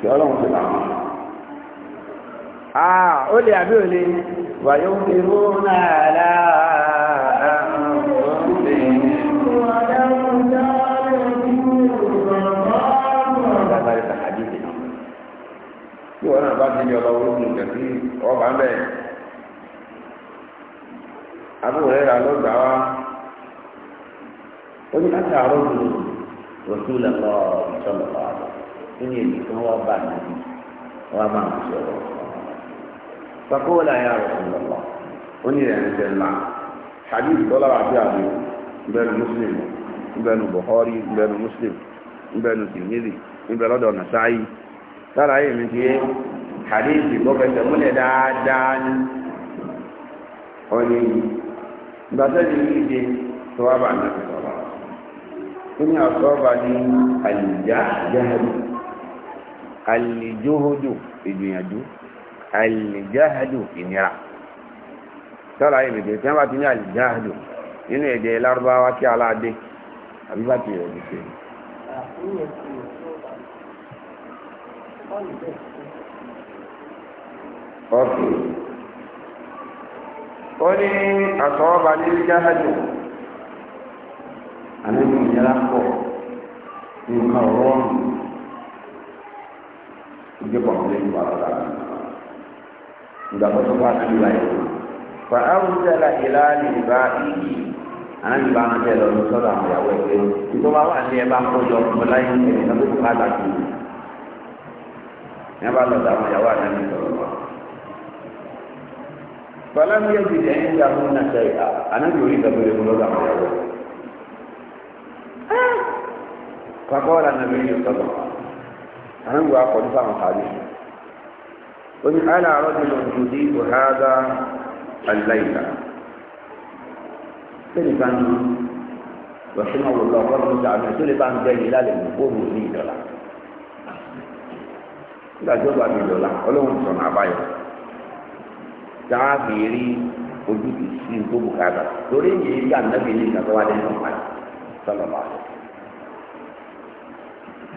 kí ọlọ́run ti bá wọn. àà ó lè àbí ò lè wàyó fi rú náà láàá tí wọn náà bá ti di ọba ológun kẹfì ọba ń bẹ abúlé rà ló gbà wá ó ní láti àárọ̀ dùn rọ̀tún lẹ́kọ̀ọ́ ìṣọ̀lọ́pàá. nínú èdè kan wá bá nàbí wá bá ń sọ̀rọ̀ sọ́kó wọlé ayé àròsùn lọ́wọ́ ó ní ìrẹ̀nsẹ̀ ńlá hadith tọ́lá àti àbí ìbẹ̀rù muslim ìbẹ̀rù bukhari ìbẹ̀rù muslim ìbẹ̀rù tìmílì ìbẹ̀rù ọ̀dọ̀ nàṣáyì sára ayé mi ti hadith ìgbọ́kẹsẹ̀ múlẹ̀ dáadáa ní ọ̀nìyí ìgbà tẹ́lẹ̀ alìjóhójò ìgbìyànjú alìjáhàjò ìnira tọ́lá ìrìnlẹ̀ tí wọ́n bá ti ní alìjáhàjò nínú èdè lárúbáwá kí aláàdé àbí bá ti rẹ̀ ní ṣe ọ̀kì ó ní àsọ́ọ́bà ní jáhàjò àníbi ìnira nǹkan ọ̀rọ̀ ọ̀rùn ìdí kọ̀m̀pléyìn bá wà lára ìgbà tó tó bá ti wà yìí fa awùsẹ̀lá ìlà nìbá ìyí anábìbá wọn tẹ̀ lọ ní sọ́dọ̀ àwọn ìyàwó ẹgbẹ́ ìtọ́ bá wà ní ẹ bá kọjọ ọ̀la yìí ẹ̀yìn tó tó bá dàgbù ní ẹ bá lọ sọ àwọn ìyàwó àdáni sọ̀rọ̀ lọ. fọlámi yóò ti dẹ̀ ń gbà fún nàṣẹ ìhà anábìbá orí ìgbàgbọ́dẹ̀ mú lọ́dọ̀ àwọn ìyàwó. kakọ́ ọ̀la àrùn wa kọ́ ní fáwọn tàbí ó ní àlà rọ́jùlọ ìdòdì òhádà àlàyìlá lẹ́yìn bá ní lọ́sùnmọ́ wò lọ ọ̀rọ̀ níta àmì tó lè bá ń bẹ́ yìí lálẹ́ mú fóònù ní ìdọ̀la nígbà tí ó bá mi dọ̀la ọlọ́run sọ̀nà àbáyọ dáàbì rí ojú kìí sí gbogbo lórí ìyẹn ìyá nàbì ní ìgbà tó wà lẹ́nu ọ̀pá sọ̀nà báyọ̀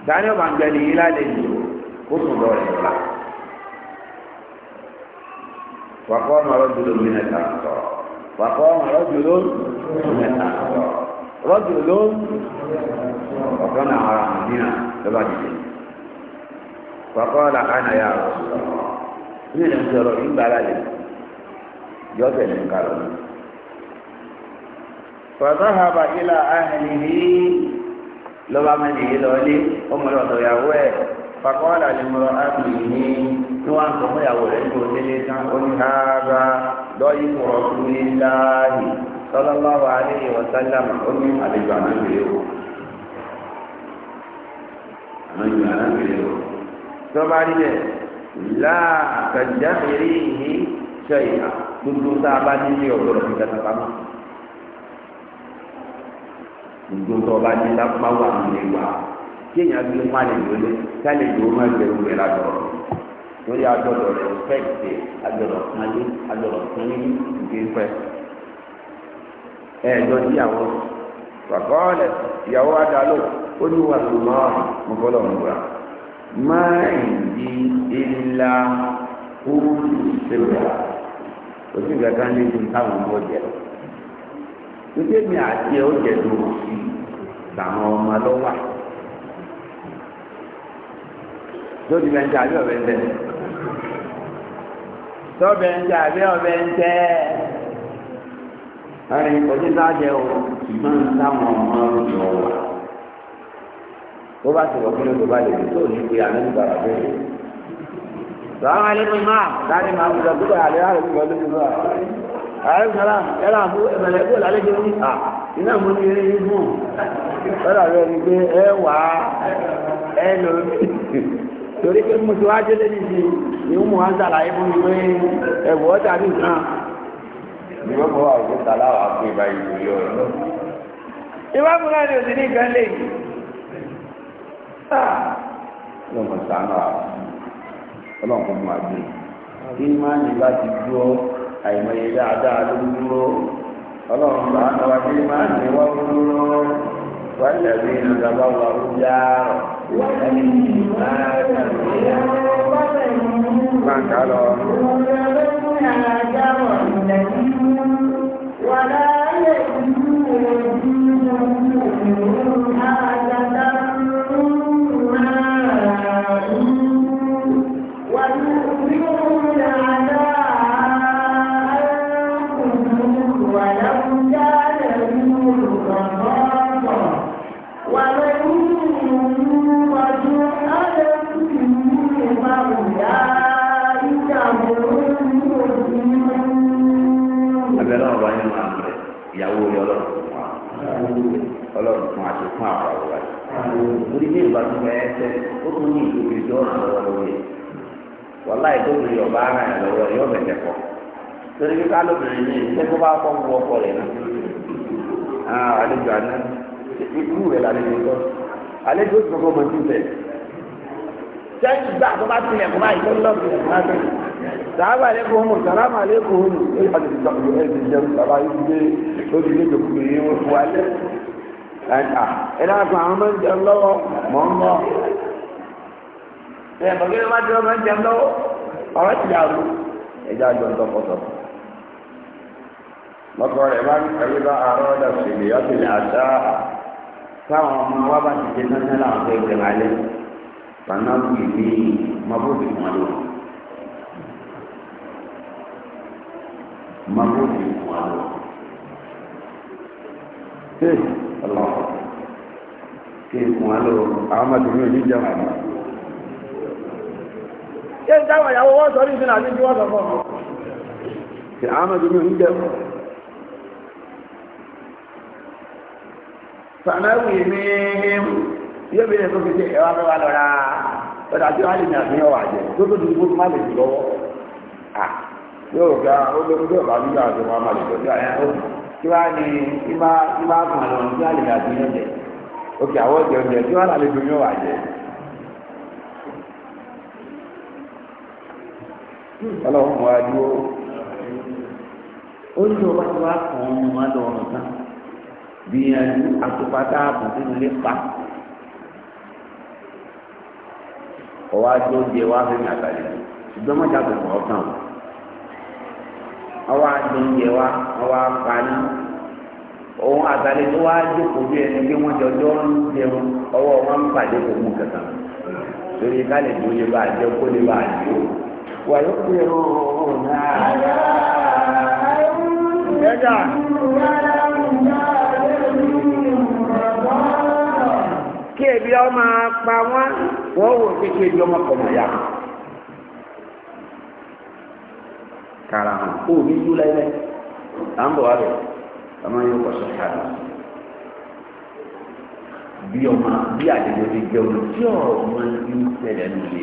dání ọba ń gbẹni yìí lálejò ó sùn lọ rẹ lọ wàkọ ọmọ rọjòló mi nẹta sọ wàkọ ọmọ rọjòló mi nẹta sọ rọjòló ọkàn náà ara màdínà lọba dìde wàkọ ọlà àná yà rọ ní ìlú sọ̀rọ̀ ìgbà lálejò yọ tẹ́lẹ̀ ń kárọ ní. فذهب إلى أهله lọ́ba máa nìyí lọ́ọ́lé ọmọ rẹ̀ ọ̀dọ̀ ìyàwó ẹ̀ fakọ́ọ̀lá lè mọ àbìyí ní ní wọn sọ fún ìyàwó rẹ̀ ní onílé tán oníhàrá lọ́yìn mọ̀rọ̀ fún iláàyè sallallahu alaihi wa sallam ó ní àlejò ànágbèrè o ànágbèrè ànágbèrè o lọ́ba rí bẹ́ẹ̀ láà kàjáfèrè yìí ṣe ìhà gbogbo tá a bá nílé ọ̀gbọ̀rọ̀ fi ìjọ tó ọba ní lápá wà nílé wa kí èèyàn fi má lè lólé ká lè lò ó má bẹ̀rù rẹ̀ lájọ lórí agbọ́dọ̀ rẹ̀ fẹ́ẹ̀tì agbọ́dọ̀ kanlé agbọ́dọ̀ kanlé ìgbé pẹ́. ẹ̀ẹ́dọ́ sí àwọn wàkọ́ọ̀lẹ̀ ìyàwó adaló ó ní wà lọ́wọ́ mo fọ́lọ́ ọ̀nùwà máa ń di ilà kúrú ìṣèlú òsì kankan ní ju ọmọ jẹ lọ nígbà mi àti ẹ̀ ó jẹ̀dù òsì làwọn ọmọ lọ wà lórí bẹ́ńtẹ́ àbí ọ̀bẹ ń tẹ́ tọ́bẹ̀ńtẹ́ àbí ọ̀bẹ ń tẹ́ ẹ̀rìn kọjú sáájẹ́ o ṣùgbọ́n táwọn ọmọ yọ wà tó bá ti wọ̀ kí ló tó bá lè fi tó ní pé àná nígbà wà bẹ́ẹ̀. sọ́wọ́n alẹ́ mi máa sáré máa ń lọ gbọ́dọ̀ àlẹ́ àlẹ́ mi lọ lójú náà ààrẹ sara ẹ̀rọ àbú ẹ̀bẹ̀rẹ̀ ẹ̀kọ́ lálẹ́jọ́ ní à iná mú ní eré ibù ẹ̀rọ rẹ̀ ni pé ẹ wà á ẹ lò torí pé mo ti wá délé níbi ni mo máa ń ṣàlàyé fún mi pé ẹ̀wọ̀ ọ́ tàbí nǹkan. ìwé bọ́ àwọn sàláwà fún ìbá ìlú yọ ọ. ìwé múra òsì ní nǹkan lè. ọlọ́run sànù àwọn ọlọ́run kò máa gbé kí máa ní bá ti dúró àìmọye dáadáa ló ń dúró ọlọ́run bá ń wá sí máa ń wá ń dúró wọ́n tẹ̀lé ìrìnàjò bá wà ó já wọ́n tẹ̀lé ìrìnàjò bá wà ó já tó ní ìdòwì tó ràn lọ́wọ́ lórí ẹ̀ wọ́lá ìdòwì ọba ara ẹ̀ lọ́wọ́ ẹ̀ yọ bẹ̀tẹ̀ kọ́ torí kíkà lóbìnrin ní ìṣe tó bá kọ́ wú ọkọ rẹ̀ náà àlejò àná ikú rẹ̀ lálejò tọ́ àlejò tó kọ́ mọ́tì bẹ̀ sẹ́yìn gbà tó bá tilẹ̀ kó báyìí tó ń lọ́ọ̀kì lásán sàlámà aleykum homo sàlámà aleykum homo ẹ bá ti sọ̀rọ̀ ẹ ti jẹun bàbá yìí ti dé ó ti dé jòkó yìí wọ́n fún wa lẹ́ ẹ náà fún àwọn ọmọ ìjẹun lọ́wọ́ mọ́ ń bọ̀ ẹ bọ̀gẹ́ ló máa dúró máa ń jẹun lọ́wọ́ ọ̀rọ̀ ti dàrú ẹja jọ ń tọkọtọ. lọ́kọ rẹ̀ bá ń kàwé bá àárọ̀ ọ̀dà ṣèlè ọ̀tẹ̀lẹ̀ àṣà táwọn ọmọ wa bá ti dé náà láwọn fẹ́ gbẹ̀rẹ̀ alẹ́ panáwó ìdí mabóòfì wọn lò mabóòfì wọn lò. ṣé ọlọ́run kí n àwọn ṣé ń táwọn ìyàwó wọ́n sọ ní ìsinmi àti ìwọ́n sọ fún ọ. ṣe àmàdù mi ń fún má lè yóò ga olórí tó bá nígbà tó máa máa lè tọ́jú àyàn ó kí wàá ní ìmá ìmá kan lọ kí wàá lè gbà tó yẹn jẹ òkè àwọn ọ̀jẹ̀ ọ̀jẹ̀ kí wàá ọlọ́run wá dúró ó ní ọba tí wàá kàn ọ́n máa lọ ọ̀rùn kan gbìyànjú àtúpàtà ààbò nínú ilé pa ọwọ́ adó di ẹwà fẹ́mi àtàlẹ́ ṣùgbọ́n mọ́jà tó kọ̀ ọ́kàn ọwọ́ adó di ẹwà ọwọ́ òun tó ẹni pé wọ́n jọ jọ́ ń ọwọ́ wọn ń pàdé ká lè dúró bá a kó lè bá a ويؤثرون على kí ebi ọmọ apá wọn wọ́n wò pé kí ọmọ kọ̀ mọ̀yà kára hàn kó ní yú lẹ́lẹ́ à ń bọ̀ wá bẹ̀ ọmọ yóò sọ bí ọmọ bí ti jẹun tí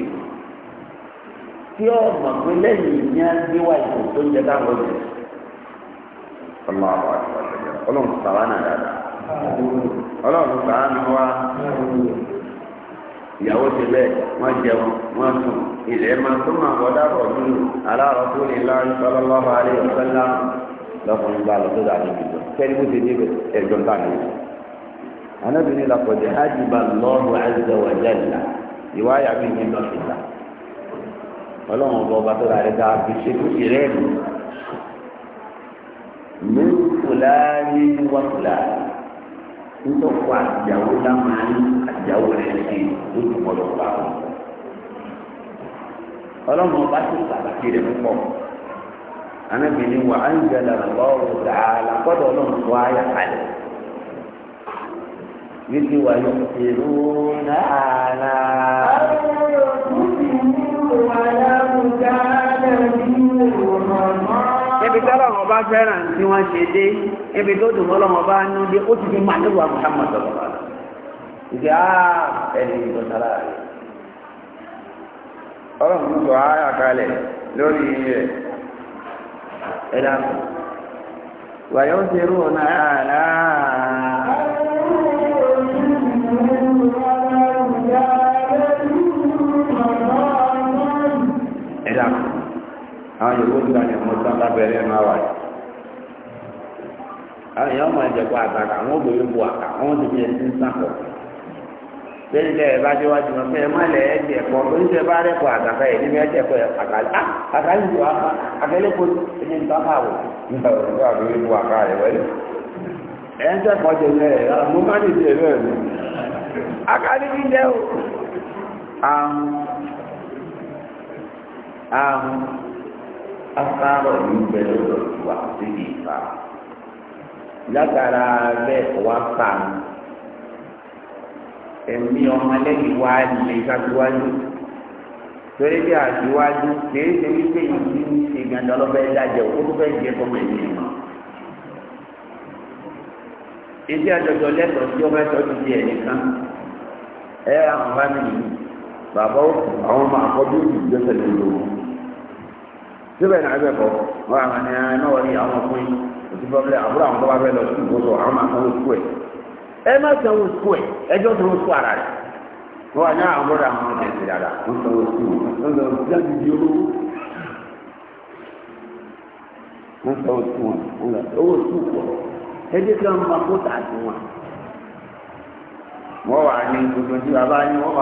tí ó mọ̀ pé lẹ́yìn ní á gbé wá ìbò tó ń jẹ dáhùn ọ̀jẹ̀. ọlọ́run ọlọ́run sàrà náà dáadáa ọlọ́run sàrà náà wá ìyàwó ti bẹ́ẹ̀ wọ́n jẹun wọ́n sùn ilẹ̀ máa tó máa bọ́ dábọ̀ nínú aláàrọ̀ tó lè lọ sọlọ́lọ́wọ́ alẹ́ ọ̀sẹ́lá lọ́kùnrin bá lọ tó dà níbi jọ bó ti níbẹ̀ ẹ̀jọ̀ ń bà anábìrin làkọ̀jẹ̀ jẹ́ ìlà ọlọ́run ọba ọba tó ra rẹ̀ dáa fi ṣe lóṣè rẹ̀ lò ní fúláyé wá fúláyé ńtọ́kọ àtìyàwó lámàáyé àtìyàwó rẹ̀ ṣe lóṣù ọlọ́ọ̀bá ọlọ́run ọba tó pàtàkì rẹ̀ púpọ̀ anábìíní wà á ń jẹlẹ lọ́rùn dàálà kọ́dọ̀ ọlọ́run tó ayà kalẹ̀ yìí wà yóò fi rú náà náà. bá fẹ́ràn tí wọ́n ṣe dé ibi tó dùn ọlọ́wọ́n bá ní dé ó ti fi máa níwà Muhammad sọ̀rọ̀ ìdí àá ẹni ìgbọ̀n sára rẹ̀ ọlọ́run sọ ààyà kalẹ̀ lórí rẹ̀ ẹ̀dá wàyọ́ ṣe rú ọ̀nà àlá ẹ̀dá àwọn yòówó nígbà ní ọmọ sábà bẹ̀rẹ̀ ẹ̀nu àwàyè àwọn èèyàn máa jẹ̀kọ́ àtàkà àwọn obìnrin bu àkà àwọn ti fi ẹni ń sàkọ̀ lẹ́yìn tẹ́ ẹ bá dé wájú wọn fẹ́ ẹ má lẹ́ ẹ̀jẹ̀ ẹ̀kọ́ lórí bá rẹ̀ kọ́ àtàkà yìí ah, níbi kò wò nígbà tó bu ń ah, mo má lè jẹ o àrùn àrùn afárọ̀ yìí bẹ̀rẹ̀ sí ìfà. látara bẹ́ẹ̀ wá fà mí ẹ̀mí ọmọlẹ́yìn wa lè ṣáṣíwájú torí bí àṣíwájú kìí ṣe wípé ìdí ṣe gàdá ọlọ́fẹ́ dájẹ́ òkú tó fẹ́ jẹ́ fọmọ ẹ̀mí mọ́ iṣẹ́ àjọjọ lẹ́tọ̀ọ́ tí ọba ẹ̀tọ́ ti di ẹ̀nìkan ẹ àwọn fámìlì bàbá òkú àwọn ọmọ àkọ́jú òkú gbẹ́sẹ̀ lórí wọn síbẹ̀ náà ẹgbẹ́ kọ́ wọ́n àwọn ẹni náà wọ́n ní àwọn ọkùnrin òtí pọ́blẹ̀ àbúrò àwọn tó bá fẹ́ lọ àwọn máa sanwó sukú ẹ̀ ẹ má sanwó sukú ẹ̀ ẹjọ́ sanwó sukú ara rẹ̀ wọ́n wà ní àwọn bọ́dọ̀ àwọn ọmọdé ti dára wọ́n sanwó sukú wọ́n sanwó sukú láti di olówó wọ́n sanwó sukú wọn owó sukú pọ̀ ẹjẹ́ kí wọ́n máa kó tà sí wọn. wọ́n wà ní gbogbo tí bàbá yín wọ́n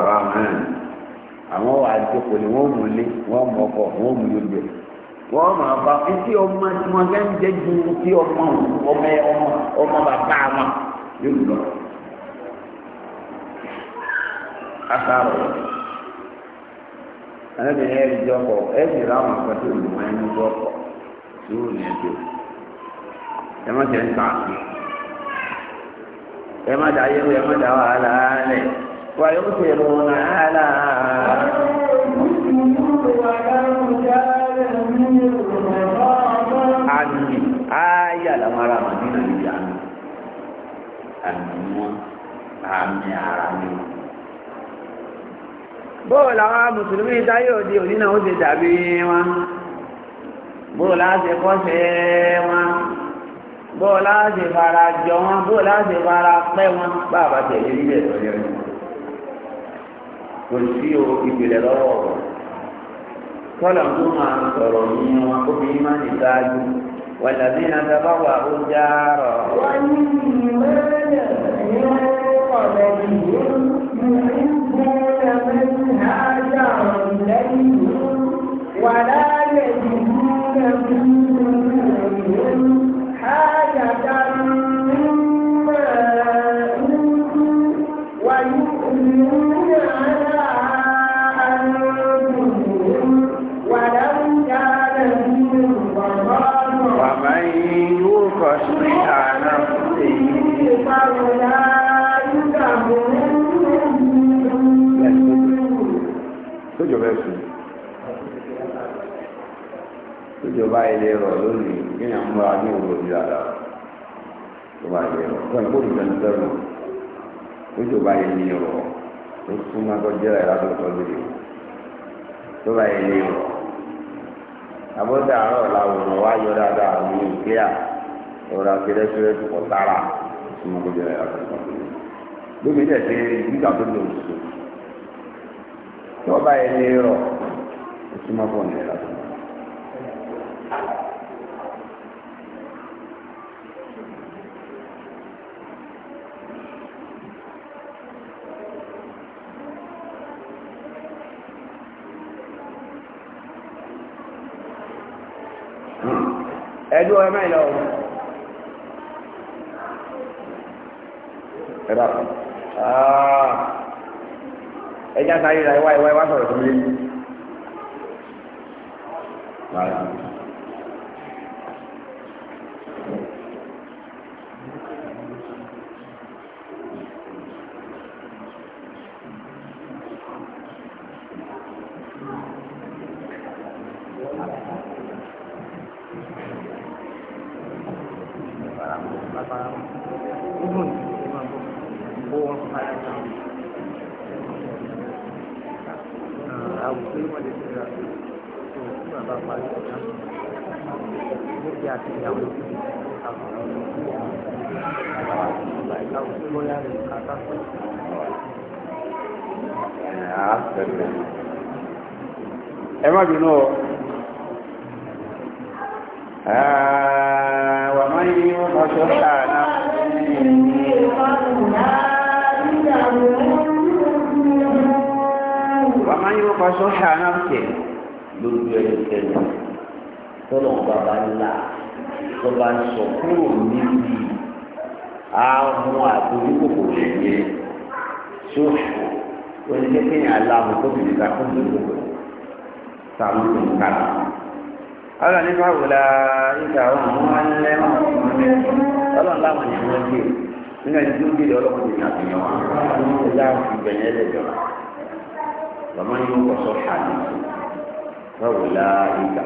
wà á àwọn wà jókòó ni wọ́n mú lé wọ́n mú ọkọ̀ wọ́n mú lóde wọ́n máa bá fífi ọmọ tí wọ́n fẹ́ ń jẹ́ ju ti ọmọ ọmọ ọmọ ọmọ bàbá wọn yóò lọ. Asaaro ẹni ẹni jọkọ ẹni ráwọn akpẹtẹ olùwọ ẹni jọkọ sùúrù ní ẹjọ ẹ má ń wàhálà ويؤثرون على àmì ayà làwọn ará màdínà níbi àmì àmì wọn àmì ara ni bóò làwọn mùsùlùmí táyé òde òní náà ó ṣe dàbí wọn bóò láti kọ́ṣẹ́ wọn bóò láti kò sí o ìpìlẹ̀ lọ́wọ́ ọ̀rọ̀ kọ́lọ̀ tó máa sọ̀rọ̀ yìí wọn obìnrin máa ń ṣáájú wàlàbí náà sábà wà ó já rọ̀. wọ́n ní ìmọ̀lẹ̀ ní ọ̀rẹ́ yìí ní ìgbóhùn ẹ̀mí ní àjà ọ̀rẹ́ yìí wà bá ilé rọ̀ lónìí kí ni àwọn ará ní òwúrọ̀ bí dáadáa tó bá ilé rọ̀ fún ẹ̀kọ́ ìjọ ní sẹ́rù ó tó bá ilé rọ̀ ó súnmọ́ tó jẹ́ ẹ̀rá tó tọ́ lórí tó bá ilé rọ̀ àbọ̀dá àárọ̀ làwòrán wá yọ dáadáa àwọn ìgbéyà ọ̀rọ̀ akérésìrẹ́sì pọ̀ sára súnmọ́ tó jẹ́ ẹ̀rá tó tọ́ lórí lóbi dẹ̀ ṣe nígbà tó tó ní ẹ̀rá ẹ̀dùn ọ̀rẹ́ mẹ́rin lọ ẹ̀dà ẹ̀dà sáré ra ìwà ìwà ìwà sọ̀rọ̀ tó lé tó bá ń sọ kúrò níbi ààrùn àdójúkòkò lè yẹ sóṣù oníkékèyàn aláàmú tó bìbí ká fún ìdókòkò táwọn tó ń kára. ọ̀rọ̀ nípa wòlá ìgbà ọ̀hún wọn ń lẹ́ ọlọ́run láwọn ni wọ́n gbé nígbà tí tó ń gbé ọlọ́run ti ṣàfihàn wọn ó dáhùn ìgbẹ̀yẹ́ lẹ́jọ́ lọ́mọ yóò kọ́ sọ́ọ̀ṣà nìkan wọ́n wòlá ìgbà.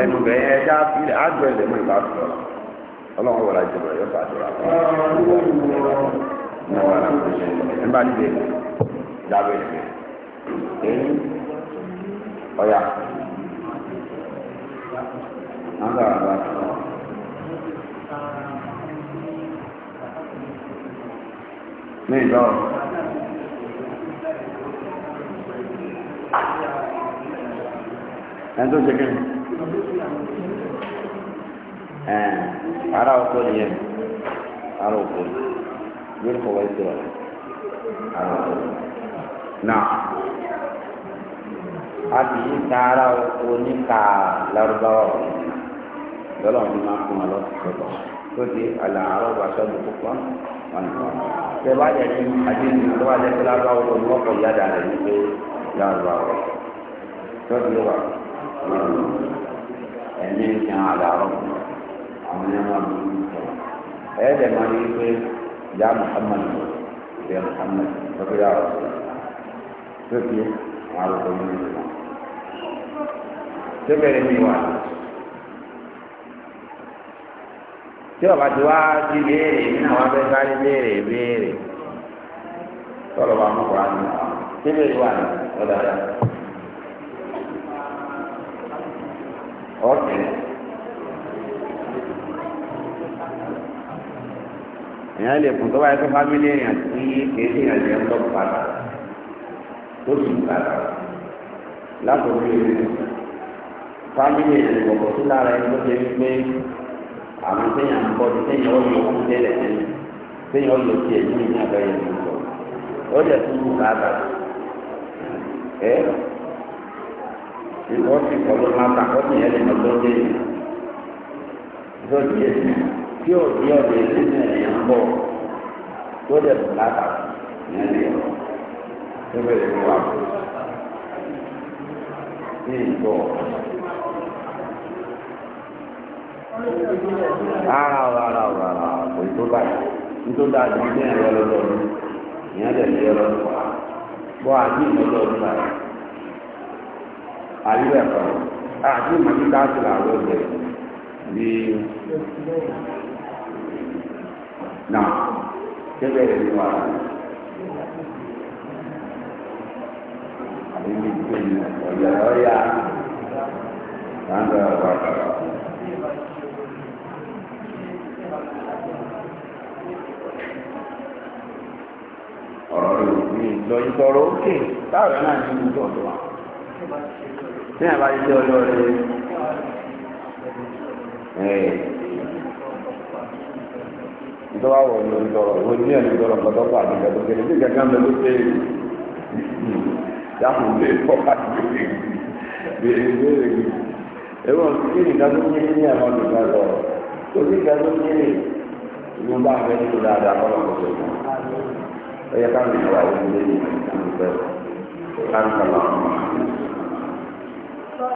ẹnu bẹ̀rẹ̀ ẹja fílẹ̀ ájọ yóò ẹni tó ṣe kí ni ara oko ni yẹn ara oko ni yóò fọwọ́ ẹsẹ̀ rẹ̀ ara oko ni náà a kì í ta ara oko ní ká Lárúbáwá ọ̀hún lọ́lọ́ ní máa fún wa lọ́sọ̀tọ̀ tó di àlàárọ̀ bá sọ́dọ̀ púpọ̀ wọn ni wọn. tẹ bá yẹ kí àdéhùn tó bá yẹ kí Lárúbáwá ọ̀hún wọ́pọ̀ yáda rẹ̀ ní pé Lárúbáwá ọ̀hún tó di wà ẹ̀mí ti hàn àdàrọ̀ àwọn ẹ̀mí wọn ló ń sọ ẹ̀ẹ́dẹ̀ máa ní pé ìyá Muhammad ìyá Muhammad lọ́kọ́ yà wọ́n tó kí àwọn arúgbó yìí nínú wọn. sébèrè mi wà tí ọba tí wá sí béèrè nínú àwọn abẹ́ sáré béèrè béèrè tọ́lọ̀ bá mú kúrò àná sébèrè wà ní ọ̀dọ̀ àdá. ọ̀tẹ̀ ya na kùn tó bá yẹ ya fámílì èèyàn tí na èèyàn lè ń lọ bàtà tó sì ya na èèyàn lara èèyàn lè wọ̀pọ̀ sí ya ẹni tó na ń gbé àwọn téèyàn ya bọ́ ti téèyàn ó lò ní bù ìwọ́sì kọlọ́ máa ta kọ́tù yẹn lè lọ́jọ́ dé lọ́jọ́ dé tí ò di ọ̀dọ̀ èlé ní ẹ̀yà ń bọ̀ tó dẹ̀ bù láta yẹn lè lọ tó bẹ̀rẹ̀ ní wà fún ní ìbọ̀. ara o ara o ara o kò tó báyìí nítorí àdúgbò ní ẹ̀rọ lọ́dọọdún ìyẹn lè lé ọlọ́dún wa bọ́ àdúgbò lọ́dọọdún báyìí àríwẹ̀ kan àti ìmọ̀tí káàtì làwọn ọ̀gbẹ̀ bí náà kébẹ̀ rẹ̀ ní wàhálà àbí bí bí ọ̀yà ọ̀yà láńgbà ọ̀gbà ọ̀rọ̀ rẹ̀ ní lọ ìtọ̀rọ̀ òkè táwọn náà ní ìlú ọ̀dọ́ wa ní àbájú tí olóore ntọ́wá wọ̀ ní olùdọ̀rọ̀ wo ní ẹ̀ olùdọ̀rọ̀ gbọ́dọ̀ pọ̀ àti gbọ́dọ̀ kéré bí gàgán mi ló dé yàtọ̀ lé pọ̀ àti gbèrè gbèrè gbèrè ẹ̀rọ kí ni gàdó ní ní àwọn olùdọ̀rọ̀ lọ́rọ̀ tó ní gàdó ní ní ìlú bá àwọn dáadáa kọ́ lọ́kọ̀ tó yẹ ẹ̀yẹ káwọn ìgbà wo ní lé ní ìgbà tó fẹ́ kánú kálá